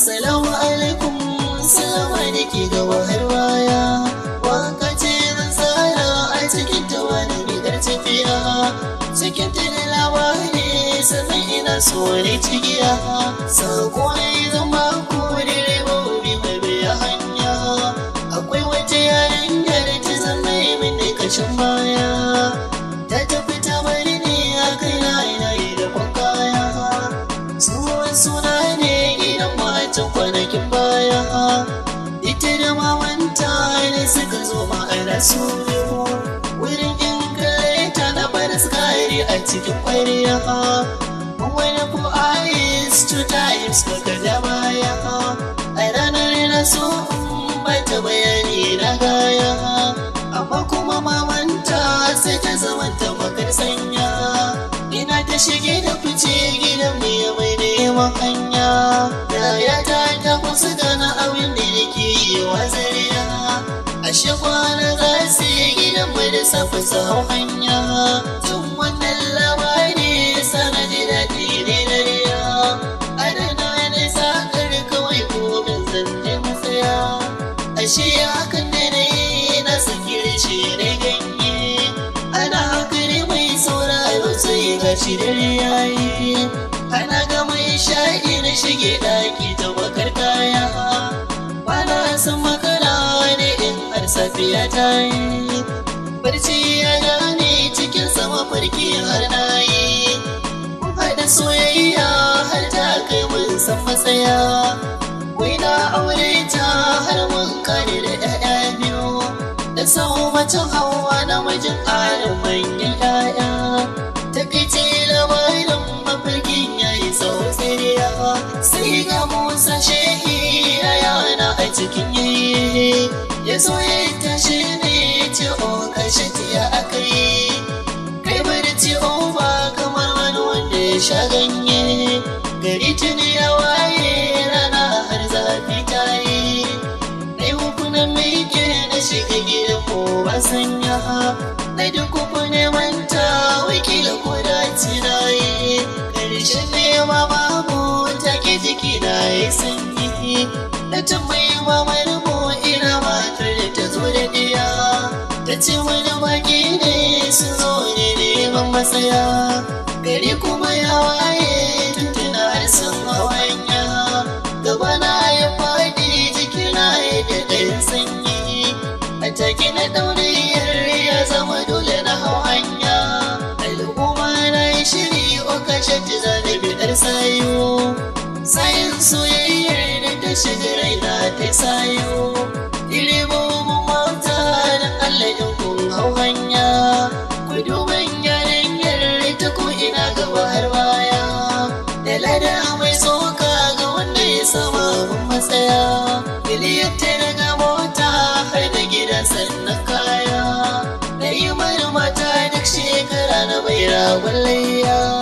salamu alaikum salama da ke gaba har baya wanka ce na tsara a cikin ta wani rigar tafiya cikin ta da labari sannan ina so ne cikiya sako ne zama ko direba suka zo ma a rasu wurin in ta na bar skari a cikin kwariya wani ku ayis two times baka dama a ranar rasu ta bayani na gaya amma kuma mamanta sai ta zama ta bakar sanya ina ta shige da fice gidan mu ya mai neman hanya da ya ta ta kusa da na abin da yake yi wa zariya ashe kwana za su yi gidan mai da safe su hanya tun wannan labari sana ji daɗi ne da riya adana ne sa kar kawai ko ban zanje masaya ashe ya hakan da na yi na sakiri shi na ganye ana hakari mai sauraro sai ga shi dare yayi ana ga mai sha'i na shige ɗaki ta kullata barci yana ne cikin sama farki har na yi haɗa soyayya har ta kai mun san matsaya wai na aure ta har mun kare da ɗaya biyu da sau macen hawa na mijin ƙarin manyan ɗaya takaice labarin mafarkin ya yi tsautsiriya sai ga musa shehi yana a cikin yayi ya so ganye kai bari ci ba kamar wani wanda ya sha ganye gari tuni ya waye rana har zafi ta yi dai hukunan mai ke na shiga gidan ko ba sanya na duk ku ko da tiraye karshen ne ma babu take jiki ya sanyi na tambayi ma mai matsaya gari kuma ya waye tuntuna har sun hawanya gaba na ya faɗi jikina ya da sanyi a take na daure ya zama dole na hawanya al'umma na yi shiri o kashe ta da bidar sayo sayin soyayyar da ta shiga na ta sa da mai soka ga wanda ya sama abin matsaya miliyar ta daga mota har da gida sannan kaya na yi mata duk shekara na bai ragon layya